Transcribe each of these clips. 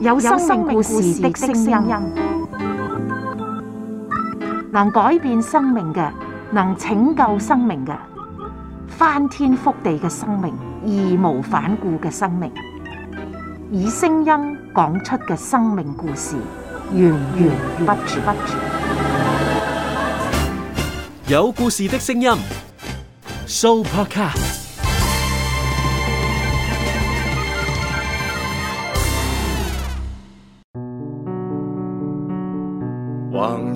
有生命故事的聲音，能改變生命嘅，能拯救生命嘅，翻天覆地嘅生命，義無反顧嘅生命，以聲音講出嘅生命故事，源源不絕。有故事的聲音，Soupercast。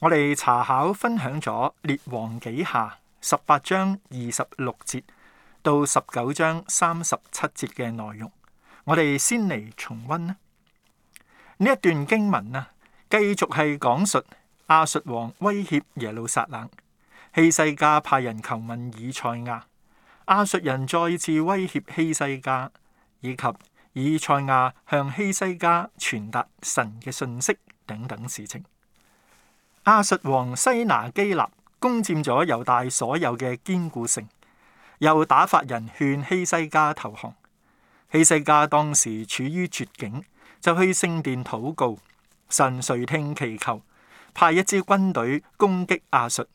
我哋查考分享咗列王紀下十八章二十六節到十九章三十七節嘅內容，我哋先嚟重溫呢一段經文啊，繼續係講述亞述王威脅耶路撒冷，希西家派人求問以賽亞，亞述人再次威脅希西家，以及以賽亞向希西家傳達神嘅信息等等事情。亞述王西拿基立攻佔咗猶大所有嘅堅固城，又打發人勸希西家投降。希西家當時處於絕境，就去聖殿禱告，神垂聽祈求，派一支軍隊攻擊亞述。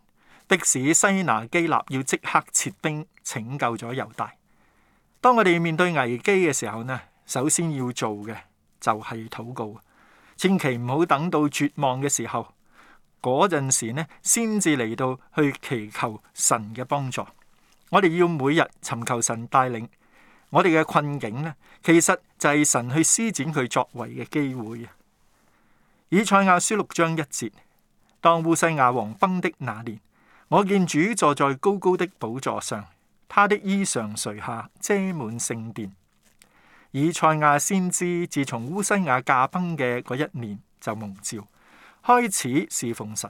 迫使西拿基立要即刻撤兵拯救咗猶大。當我哋面對危機嘅時候呢，首先要做嘅就係禱告，千祈唔好等到絕望嘅時候。嗰陣時呢，先至嚟到去祈求神嘅幫助。我哋要每日尋求神帶領，我哋嘅困境呢，其實就係神去施展佢作為嘅機會啊。以賽亞書六章一節：當烏西雅王崩的那年，我見主坐在高高的寶座上，他的衣裳垂下遮滿聖殿。以賽亞先知自從烏西雅駕崩嘅嗰一年就蒙召。開始侍奉神，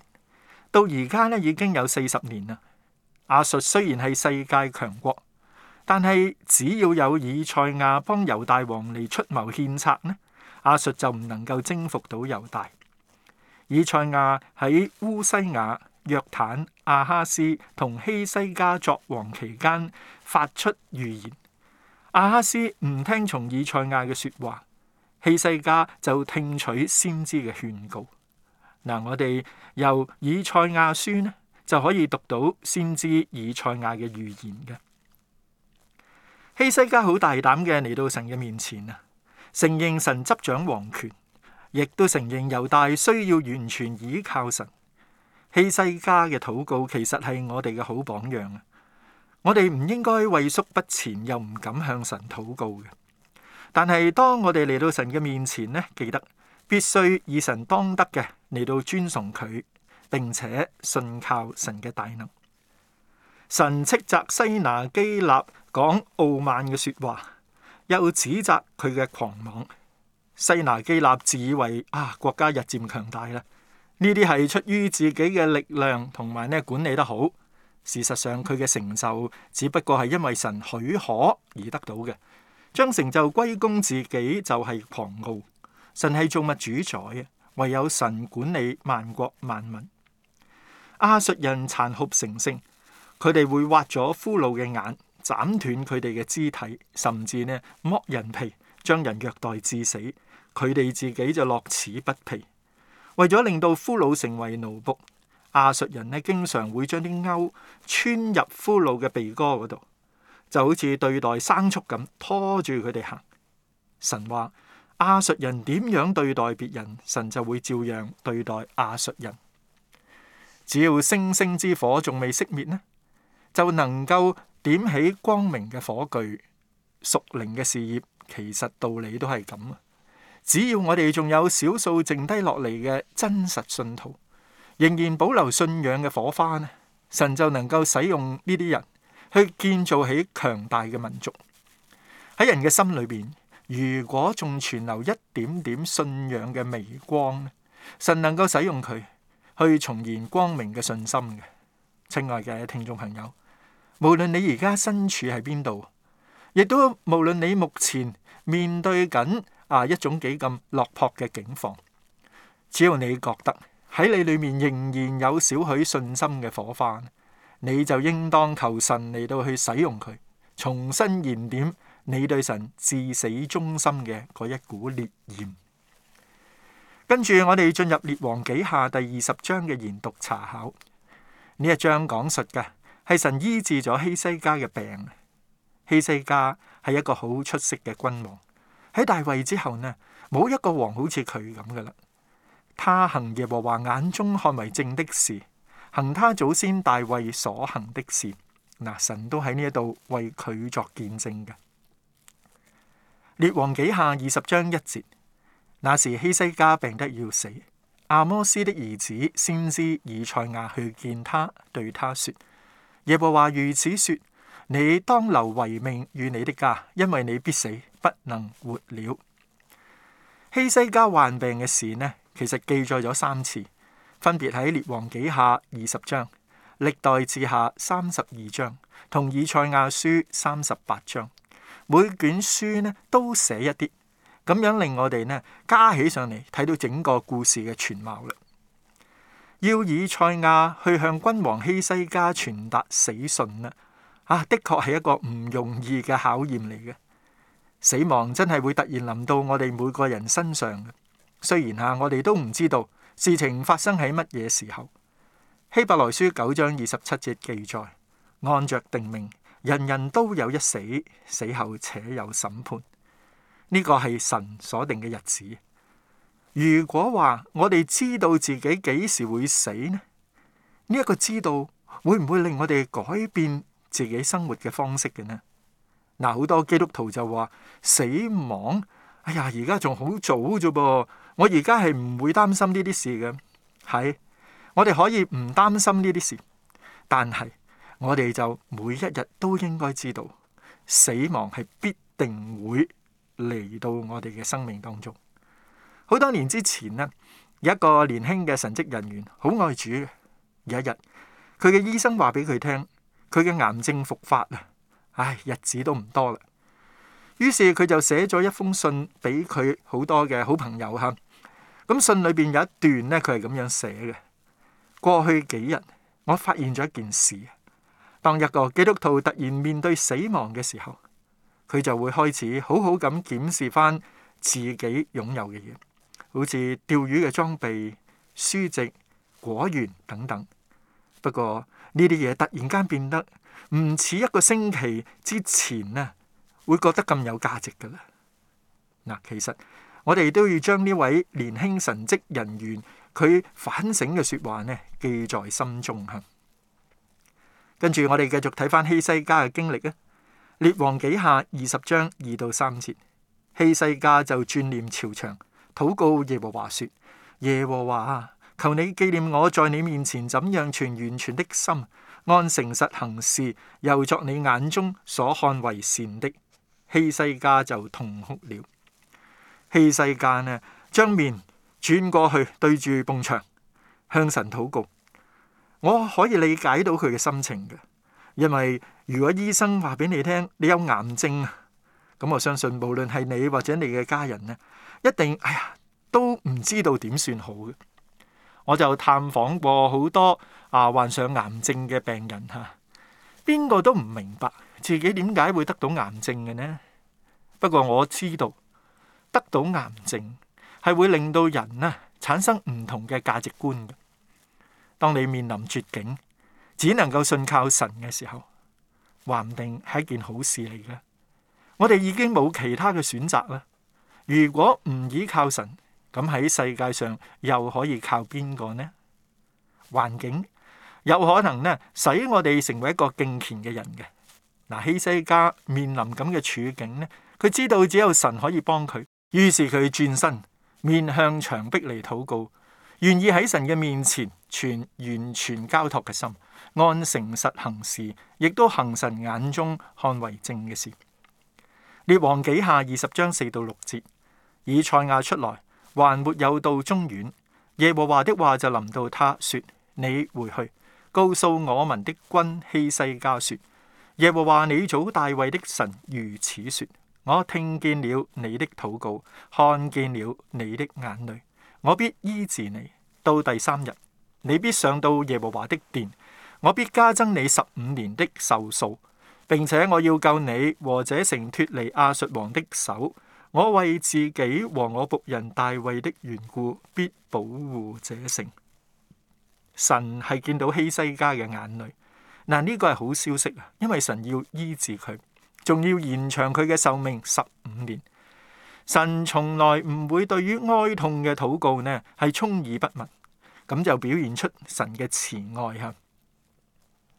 到而家咧已經有四十年啦。亞述雖然係世界強國，但係只要有以賽亞幫猶大王嚟出謀獻策呢，亞述就唔能夠征服到猶大。以賽亞喺烏西亞、約坦、亞哈斯同希西家作王期間發出預言。亞哈斯唔聽從以賽亞嘅說話，希西家就聽取先知嘅勸告。嗱，我哋由以賽亞書咧，就可以讀到先知以賽亞嘅預言嘅。希西家好大膽嘅嚟到神嘅面前啊，承認神執掌皇權，亦都承認猶大需要完全依靠神。希西家嘅禱告其實係我哋嘅好榜樣啊！我哋唔應該畏縮不前，又唔敢向神禱告嘅。但係當我哋嚟到神嘅面前呢，記得。必須以神當得嘅嚟到尊崇佢，並且信靠神嘅大能。神斥責西拿基立講傲慢嘅說話，又指責佢嘅狂妄。西拿基立自以為啊，國家日漸強大啦，呢啲係出於自己嘅力量同埋咧管理得好。事實上，佢嘅成就只不過係因為神許可而得到嘅，將成就歸功自己就係狂傲。神係造物主宰嘅，唯有神管理萬國萬民。亞述人殘酷成性，佢哋會挖咗俘虜嘅眼，斬斷佢哋嘅肢體，甚至呢，剝人皮，將人虐待致死。佢哋自己就樂此不疲，為咗令到俘虜成為奴僕，亞述人呢經常會將啲勾穿入俘虜嘅鼻哥嗰度，就好似對待牲畜咁，拖住佢哋行。神話。亞述人點樣對待別人，神就會照樣對待亞述人。只要星星之火仲未熄滅呢，就能夠點起光明嘅火炬，屬靈嘅事業。其實道理都係咁啊。只要我哋仲有少數剩低落嚟嘅真實信徒，仍然保留信仰嘅火花呢，神就能夠使用呢啲人去建造起強大嘅民族，喺人嘅心裏面。如果仲存留一點點信仰嘅微光，神能夠使用佢去重燃光明嘅信心嘅，親愛嘅聽眾朋友，無論你而家身處喺邊度，亦都無論你目前面對緊啊一種幾咁落魄嘅境況，只要你覺得喺你裏面仍然有少許信心嘅火花，你就應當求神嚟到去使用佢，重新燃點。你對神至死忠心嘅嗰一股烈焰，跟住我哋進入列王紀下第二十章嘅研讀查考，呢一章講述嘅係神醫治咗希西家嘅病。希西家係一個好出色嘅君王，喺大衛之後呢，冇一個王好似佢咁噶啦。他行耶和華眼中看為正的事，行他祖先大衛所行的事。嗱、呃，神都喺呢一度為佢作見證嘅。列王紀下二十章一節，那時希西家病得要死，亞摩斯的兒子先知以賽亞去見他，對他說：耶和華如此說，你當留遺命與你的家，因為你必死，不能活了。希西家患病嘅事呢，其實記載咗三次，分別喺列王紀下二十章、歷代志下三十二章同以賽亞書三十八章。每卷書呢都寫一啲，咁樣令我哋呢加起上嚟，睇到整個故事嘅全貌啦。要以賽亞去向君王希西家傳達死訊啦，啊，的確係一個唔容易嘅考驗嚟嘅。死亡真係會突然臨到我哋每個人身上嘅，雖然吓、啊、我哋都唔知道事情發生喺乜嘢時候。希伯來書九章二十七節記載：按着定命。人人都有一死，死後且有審判。呢個係神所定嘅日子。如果話我哋知道自己幾時會死呢？呢一個知道會唔會令我哋改變自己生活嘅方式嘅呢？嗱，好多基督徒就話死亡，哎呀，而家仲好早啫噃，我而家係唔會擔心呢啲事嘅。係，我哋可以唔擔心呢啲事，但係，我哋就每一日都應該知道死亡係必定會嚟到我哋嘅生命當中。好多年之前咧，有一個年輕嘅神職人員，好愛主嘅。有一日，佢嘅醫生話俾佢聽，佢嘅癌症復發啦，唉，日子都唔多啦。於是佢就寫咗一封信俾佢好多嘅好朋友吓。咁信裏邊有一段咧，佢係咁樣寫嘅：過去幾日，我發現咗一件事。當一個基督徒突然面對死亡嘅時候，佢就會開始好好咁檢視翻自己擁有嘅嘢，好似釣魚嘅裝備、書籍、果園等等。不過呢啲嘢突然間變得唔似一個星期之前呢，會覺得咁有價值噶啦。嗱，其實我哋都要將呢位年輕神職人員佢反省嘅說話呢，記在心中哈。跟住我哋繼續睇翻希西家嘅經歷啊，列王紀下二十章二到三節，希西家就轉臉朝牆，禱告耶和華說：耶和華求你紀念我在你面前怎樣存完全的心，按誠實行事，又作你眼中所看為善的。希西家就痛哭了。希西家呢，將面轉過去對住埲牆，向神禱告。我可以理解到佢嘅心情嘅，因為如果醫生話俾你聽，你有癌症啊，咁我相信無論係你或者你嘅家人咧，一定哎呀都唔知道點算好嘅。我就探訪過好多啊患上癌症嘅病人吓，邊個都唔明白自己點解會得到癌症嘅呢？不過我知道得到癌症係會令到人咧啊產生唔同嘅價值觀嘅。當你面臨絕境，只能夠信靠神嘅時候，話唔定係一件好事嚟嘅。我哋已經冇其他嘅選擇啦。如果唔依靠神，咁喺世界上又可以靠邊個呢？環境有可能呢，使我哋成為一個敬虔嘅人嘅。嗱，希西家面臨咁嘅處境呢，佢知道只有神可以幫佢，於是佢轉身面向牆壁嚟禱告。願意喺神嘅面前存完全交託嘅心，按誠實行事，亦都行神眼中看為正嘅事。列王紀下二十章四到六節，以賽亞出來，還沒有到中院，耶和華的話就臨到他說：你回去，告訴我民的君希西家說：耶和華你祖大衛的神如此說：我聽見了你的禱告，看見了你的眼淚。我必醫治你，到第三日，你必上到耶和華的殿，我必加增你十五年的壽數，並且我要救你和這城脫離亞述王的手。我為自己和我僕人大衛的緣故，必保護這城。神係見到希西家嘅眼淚，嗱，呢個係好消息啊，因為神要醫治佢，仲要延長佢嘅壽命十五年。神從來唔會對於哀痛嘅禱告呢係充耳不聞，咁就表現出神嘅慈愛哈。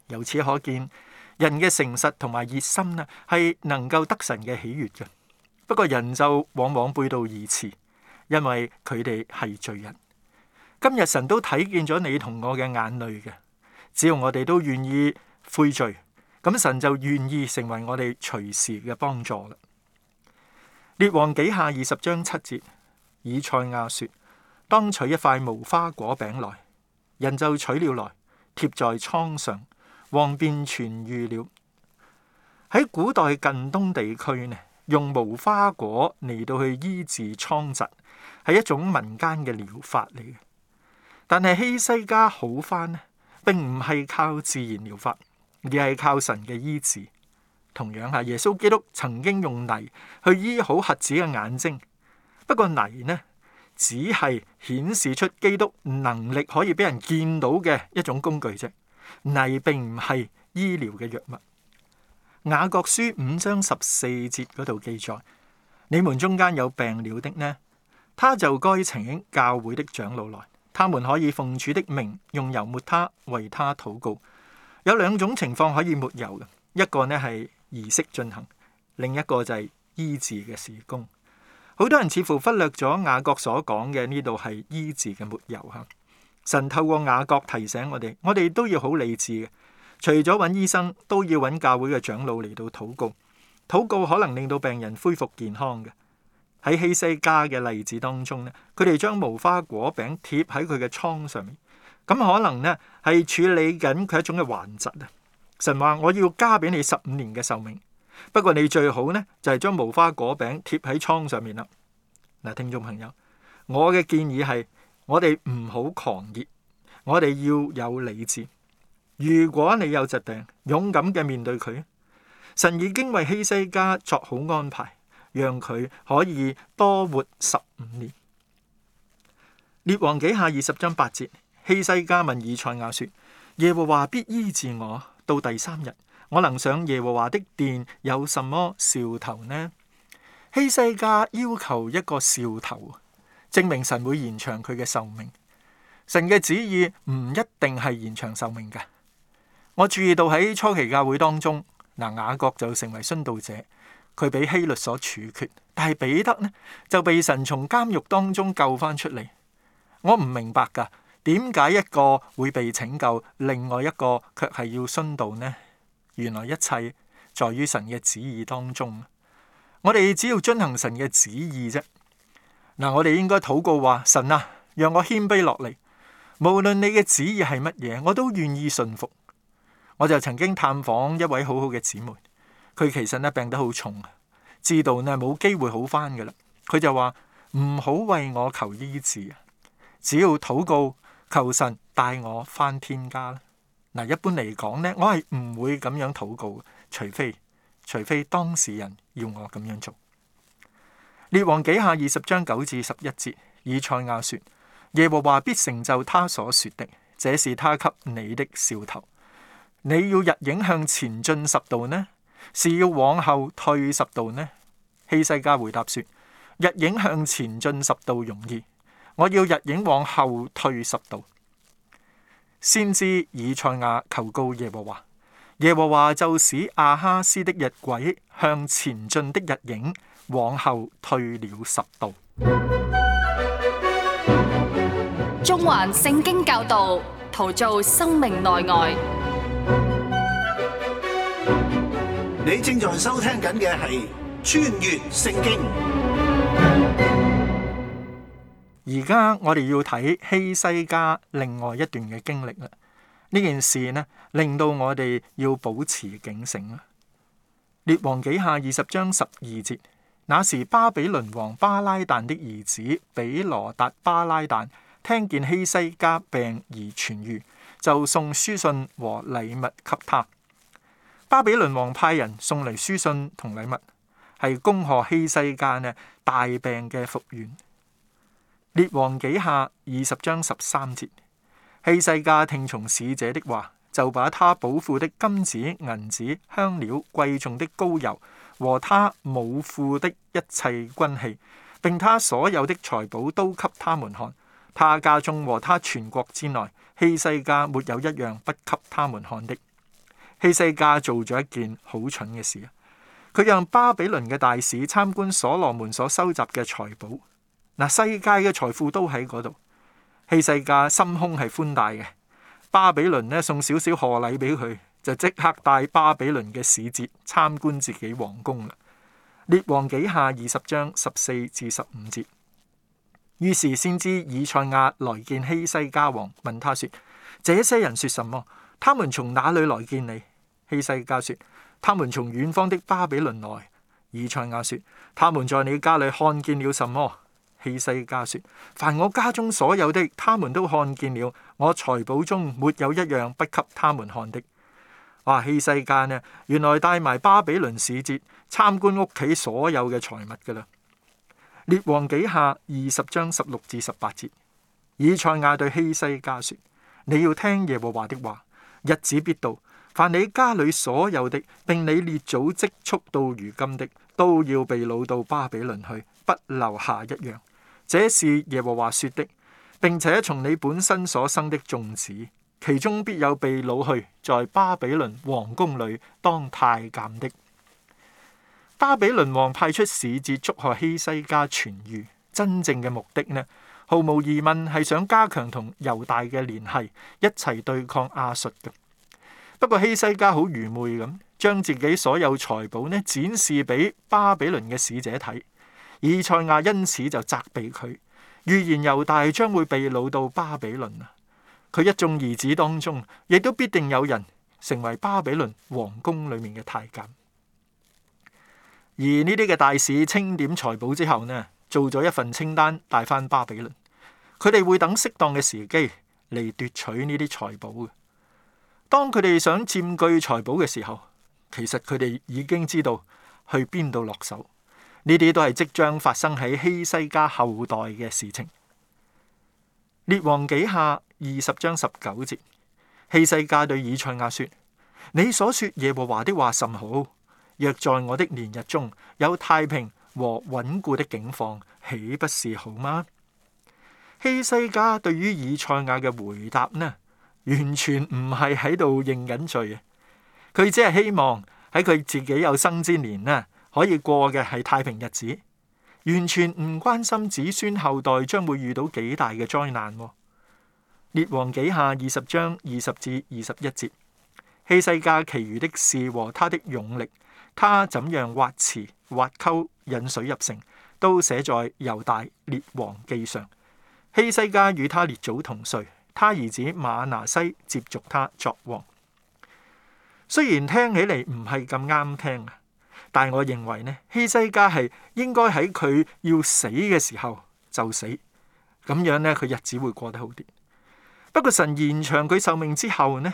由此可見，人嘅誠實同埋熱心呢係能夠得神嘅喜悅嘅。不過人就往往背道而馳，因為佢哋係罪人。今日神都睇見咗你同我嘅眼淚嘅，只要我哋都願意悔罪，咁神就願意成為我哋隨時嘅幫助啦。列王紀下二十章七節，以賽亞說：當取一塊無花果餅來，人就取了來貼在瘡上，王便痊愈了。喺古代近東地區呢，用無花果嚟到去醫治瘡疾，係一種民間嘅療法嚟嘅。但係希西家好返呢，並唔係靠自然療法，而係靠神嘅醫治。同樣係，耶穌基督曾經用泥去醫好瞎子嘅眼睛。不過泥呢，只係顯示出基督能力可以俾人見到嘅一種工具啫。泥並唔係醫療嘅藥物。雅各書五章十四節嗰度記載：你們中間有病了的呢，他就該請教會的長老來，他們可以奉主的名，用油抹他，為他禱告。有兩種情況可以抹油嘅，一個呢係儀式進行，另一個就係醫治嘅事工。好多人似乎忽略咗雅各所講嘅，呢度係醫治嘅末由嚇。神透過雅各提醒我哋，我哋都要好理智嘅。除咗揾醫生，都要揾教會嘅長老嚟到禱告。禱告可能令到病人恢復健康嘅。喺希西家嘅例子當中咧，佢哋將無花果餅貼喺佢嘅瘡上面，咁可能咧係處理緊佢一種嘅患疾啊。神話我要加俾你十五年嘅壽命，不過你最好呢就係將無花果餅貼喺瘡上面啦。嗱，聽眾朋友，我嘅建議係我哋唔好狂熱，我哋要有理智。如果你有疾病，勇敢嘅面對佢。神已經為希西家作好安排，讓佢可以多活十五年。列王記下二十章八節，希西家問以賽亞說：耶和華必醫治我。到第三日，我能上耶和華的殿有什麼兆頭呢？希西家要求一個兆頭，證明神會延長佢嘅壽命。神嘅旨意唔一定係延長壽命嘅。我注意到喺初期教會當中，嗱，雅各就成為殉道者，佢俾希律所處決，但係彼得呢就被神從監獄當中救翻出嚟。我唔明白噶。點解一個會被拯救，另外一個卻係要殉道呢？原來一切在於神嘅旨意當中。我哋只要遵行神嘅旨意啫。嗱，我哋應該禱告話：神啊，讓我謙卑落嚟。無論你嘅旨意係乜嘢，我都願意信服。我就曾經探訪一位好好嘅姊妹，佢其實呢病得好重啊，知道呢冇機會好翻噶啦。佢就話唔好為我求醫治啊，只要禱告。求神帶我翻天家啦！嗱，一般嚟講咧，我係唔會咁樣禱告，除非除非當事人要我咁樣做。列王紀下二十章九至十一節，以賽亞說：耶和華必成就他所說的，這是他給你的兆頭。你要日影向前進十度呢，是要往後退十度呢？希西家回答說：日影向前進十度容易。我要日影往後退十度，先知以賽亞求告耶和華，耶和華就使亞哈斯的日晷向前進的日影往後退了十度。中環聖經教導，陶造生命內外。你正在收聽緊嘅係穿越聖經。而家我哋要睇希西家另外一段嘅經歷啦。呢件事呢，令到我哋要保持警醒啦。列王紀下二十章十二節，那時巴比倫王巴拉旦的兒子比羅達巴拉旦聽見希西家病而痊愈，就送書信和禮物給他。巴比倫王派人送嚟書信同禮物，係恭賀希西家呢大病嘅復原。列王記下二十章十三節，希西家聽從使者的話，就把他寶庫的金子、銀子、香料、貴重的膏油和他武庫的一切軍器，並他所有的財寶都給他們看。他家中和他全國之內，希西家沒有一樣不給他們看的。希西家做咗一件好蠢嘅事，佢讓巴比倫嘅大使參觀所羅門所收集嘅財寶。嗱，世界嘅財富都喺嗰度，希西家心胸係寬大嘅。巴比倫呢，送少少賀禮俾佢，就即刻帶巴比倫嘅使節參觀自己王宮啦。列王紀下二十章十四至十五節，於是先知以賽亞來見希西家王，問他說：這些人說什麼？他們從哪裡來見你？希西家說：他們從遠方的巴比倫來。以賽亞說：他們在你家裏看見了什麼？希西家說：凡我家中所有的，他們都看見了。我財寶中沒有一樣不給他們看的。哇，希西家呢，原來帶埋巴比倫使節參觀屋企所有嘅財物噶啦。列王紀下二十章十六至十八節，以賽亞對希西家說：你要聽耶和華的話，日子必到，凡你家裏所有的，並你列祖積蓄到如今的，都要被擄到巴比倫去，不留下一樣。這是耶和華說的，並且從你本身所生的眾子，其中必有被擄去，在巴比倫王宮裏當太監的。巴比倫王派出使節祝賀希西家痊愈，真正嘅目的呢，毫無疑問係想加強同猶大嘅聯繫，一齊對抗亞述嘅。不過希西家好愚昧咁，將自己所有財寶呢，展示俾巴比倫嘅使者睇。以賽亞因此就責備佢，預言猶大將會被擄到巴比倫啊！佢一眾兒子當中，亦都必定有人成為巴比倫皇宮裏面嘅太監。而呢啲嘅大使清點財寶之後呢，做咗一份清單帶翻巴比倫，佢哋會等適當嘅時機嚟奪取呢啲財寶嘅。當佢哋想佔據財寶嘅時候，其實佢哋已經知道去邊度落手。呢啲都係即將發生喺希西家後代嘅事情。列王紀下二十章十九節，希西家對以賽亞說：你所說耶和華的話甚好，若在我的年日中有太平和穩固的境況，豈不是好嗎？希西家對於以賽亞嘅回答呢，完全唔係喺度認緊罪，佢只係希望喺佢自己有生之年呢，可以過嘅係太平日子，完全唔關心子孫後代將會遇到幾大嘅災難。列王記下二十章二十至二十一節，希西家其餘的事和他的勇力，他怎樣挖池、挖溝引水入城，都寫在猶大列王記上。希西家與他列祖同歲，他兒子瑪拿西接續他作王。雖然聽起嚟唔係咁啱聽但我認為呢，希西家係應該喺佢要死嘅時候就死，咁樣咧佢日子會過得好啲。不過神延長佢壽命之後呢，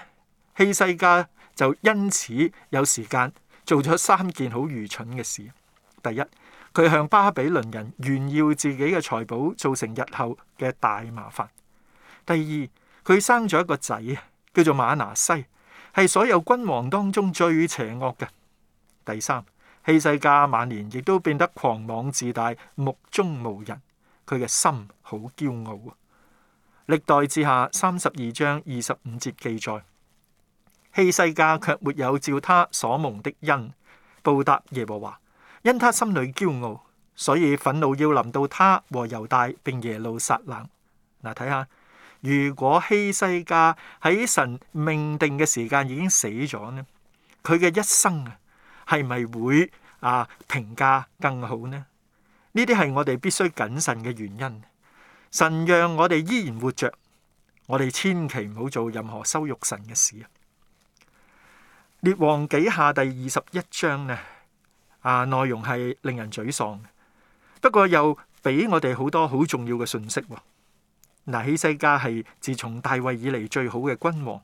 希西家就因此有時間做咗三件好愚蠢嘅事。第一，佢向巴比倫人炫耀自己嘅財寶，造成日後嘅大麻煩。第二，佢生咗一個仔，叫做馬拿西，係所有君王當中最邪惡嘅。第三。希西家晚年亦都變得狂妄自大、目中無人，佢嘅心好驕傲啊！歷代志下三十二章二十五節記載，希西家卻沒有照他所蒙的恩報答耶和華，因他心裏驕傲，所以憤怒要臨到他和猶大，並耶路撒冷。嗱，睇下如果希西家喺神命定嘅時間已經死咗呢，佢嘅一生啊！係咪會啊評價更好呢？呢啲係我哋必須謹慎嘅原因。神讓我哋依然活着，我哋千祈唔好做任何羞辱神嘅事啊！列王紀下第二十一章呢啊，內容係令人沮喪，不過又俾我哋好多好重要嘅信息。嗱、啊，希西家係自從大衛以嚟，最好嘅君王，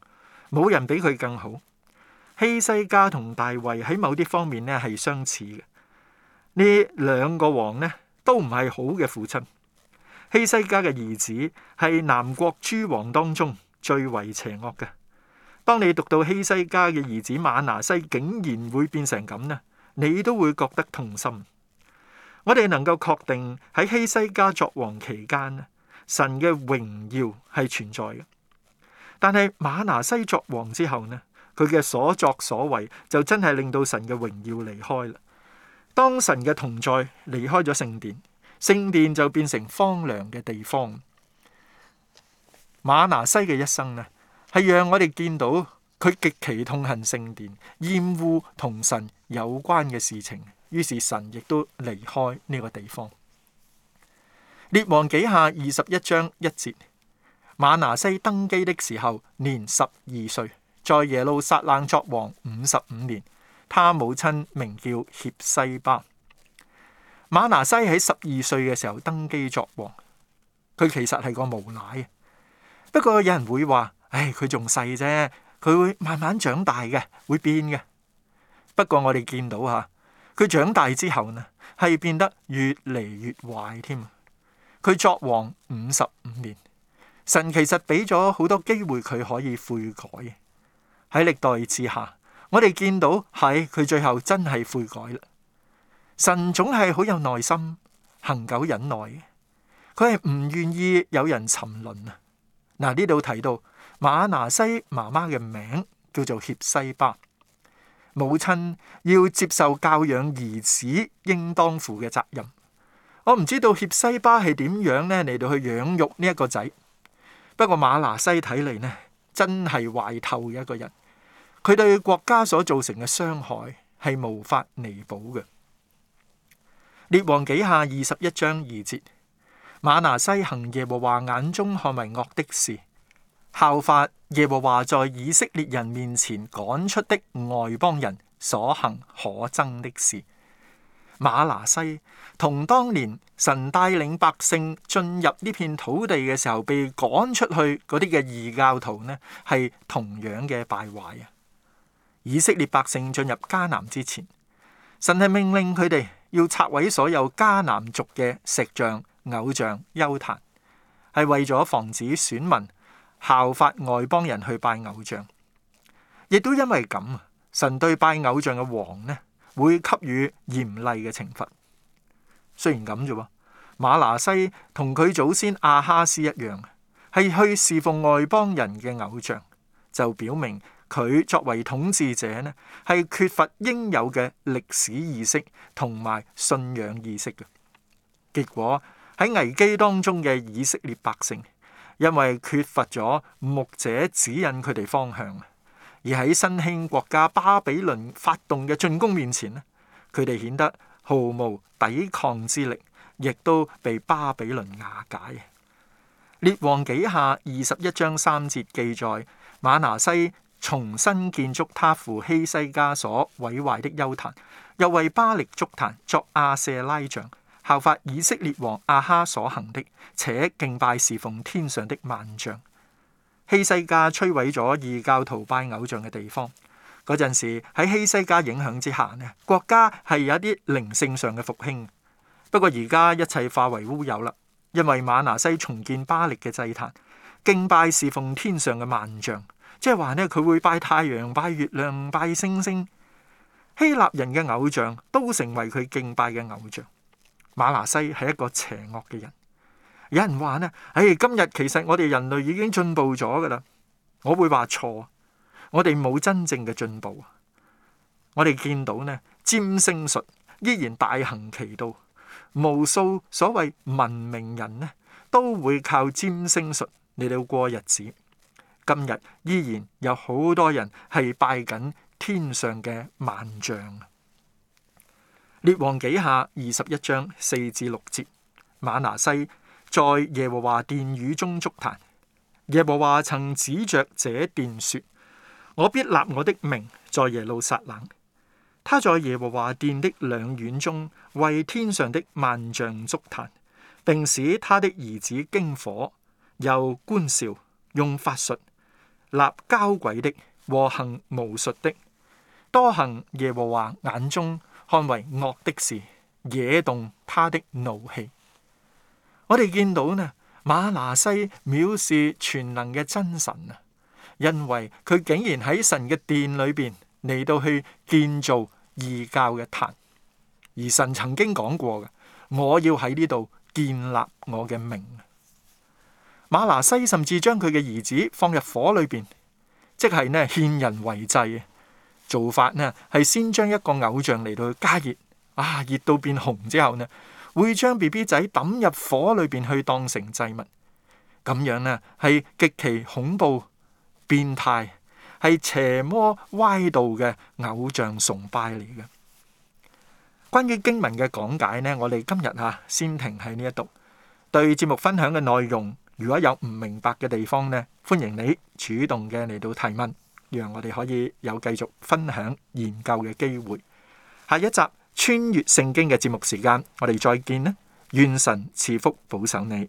冇人比佢更好。希西家同大衛喺某啲方面咧，係相似嘅。呢兩個王呢，都唔係好嘅父親。希西家嘅兒子係南國諸王當中最為邪惡嘅。當你讀到希西家嘅兒子馬拿西竟然會變成咁呢，你都會覺得痛心。我哋能夠確定喺希西家作王期間，神嘅榮耀係存在嘅。但係馬拿西作王之後呢？佢嘅所作所為就真係令到神嘅榮耀離開啦。當神嘅同在離開咗聖殿，聖殿就變成荒涼嘅地方。馬拿西嘅一生呢，係讓我哋見到佢極其痛恨聖殿，厭惡同神有關嘅事情，於是神亦都離開呢個地方。列王紀下二十一章一節，馬拿西登基的時候，年十二歲。在耶路撒冷作王五十五年，他母親名叫協西巴。馬拿西喺十二歲嘅時候登基作王，佢其實係個無賴啊。不過有人會話：唉、哎，佢仲細啫，佢會慢慢長大嘅，會變嘅。不過我哋見到吓，佢長大之後呢，係變得越嚟越壞添。佢作王五十五年，神其實俾咗好多機會佢可以悔改。喺歷代之下，我哋見到係佢最後真係悔改啦。神總係好有耐心，恆久忍耐。佢係唔願意有人沉淪啊！嗱，呢度提到馬拿西媽媽嘅名叫做協西巴，母親要接受教養兒子應當負嘅責任。我唔知道協西巴係點樣呢，嚟到去養育呢一個仔。不過馬拿西睇嚟呢，真係壞透嘅一個人。佢對國家所造成嘅傷害係無法彌補嘅。列王紀下二十一章二節：馬拿西行耶和華眼中看為惡的事，效法耶和華在以色列人面前趕出的外邦人所行可憎的事。馬拿西同當年神帶領百姓進入呢片土地嘅時候被趕出去嗰啲嘅異教徒呢，係同樣嘅敗壞啊！以色列百姓進入迦南之前，神係命令佢哋要拆毀所有迦南族嘅石像、偶像、丘壇，係為咗防止選民效法外邦人去拜偶像。亦都因為咁，神對拜偶像嘅王呢，會給予嚴厲嘅懲罰。雖然咁啫，馬拿西同佢祖先亞哈斯一樣，係去侍奉外邦人嘅偶像，就表明。佢作為統治者呢，係缺乏應有嘅歷史意識同埋信仰意識嘅。結果，喺危機當中嘅以色列百姓，因為缺乏咗牧者指引佢哋方向，而喺新興國家巴比倫發動嘅進攻面前咧，佢哋顯得毫無抵抗之力，亦都被巴比倫瓦解。列王紀下二十一章三節記載，馬拿西。重新建築他父希西家所毀壞的丘壇，又為巴力築壇作亞舍拉像，效法以色列王亞哈所行的，且敬拜侍奉天上的萬象。希西家摧毀咗異教徒拜偶像嘅地方，嗰陣時喺希西家影響之下呢，國家係有一啲靈性上嘅復興。不過而家一切化為烏有啦，因為馬拿西重建巴力嘅祭壇，敬拜侍奉天上嘅萬象。即係話咧，佢會拜太陽、拜月亮、拜星星。希臘人嘅偶像都成為佢敬拜嘅偶像。馬拿西係一個邪惡嘅人。有人話咧，唉、哎，今日其實我哋人類已經進步咗噶啦。我會話錯，我哋冇真正嘅進步。我哋見到咧，占星術依然大行其道，無數所謂文明人咧，都會靠占星術嚟到過日子。今日依然有好多人係拜緊天上嘅萬象。列王紀下二十一章四至六節，馬拿西在耶和華殿宇中築壇，耶和華曾指着這殿說：我必立我的名在耶路撒冷。他在耶和華殿的兩院中為天上的萬象築壇，並使他的兒子經火，又觀兆，用法術。立交鬼的和行巫術的，多行耶和華眼中看為惡的事，惹動他的怒氣。我哋見到呢，瑪拿西藐視全能嘅真神啊，因為佢竟然喺神嘅殿裏邊嚟到去建造異教嘅壇，而神曾經講過嘅，我要喺呢度建立我嘅名。馬拿西甚至將佢嘅兒子放入火裏邊，即係呢獻人為祭。做法呢係先將一個偶像嚟到加熱，啊熱到變紅之後呢，會將 BB 仔抌入火裏邊去當成祭物，咁樣呢係極其恐怖、變態，係邪魔歪道嘅偶像崇拜嚟嘅。關於經文嘅講解呢，我哋今日吓、啊、先停喺呢一度，對節目分享嘅內容。如果有唔明白嘅地方呢，歡迎你主動嘅嚟到提問，讓我哋可以有繼續分享研究嘅機會。下一集穿越聖經嘅節目時間，我哋再見啦！願神賜福保守你。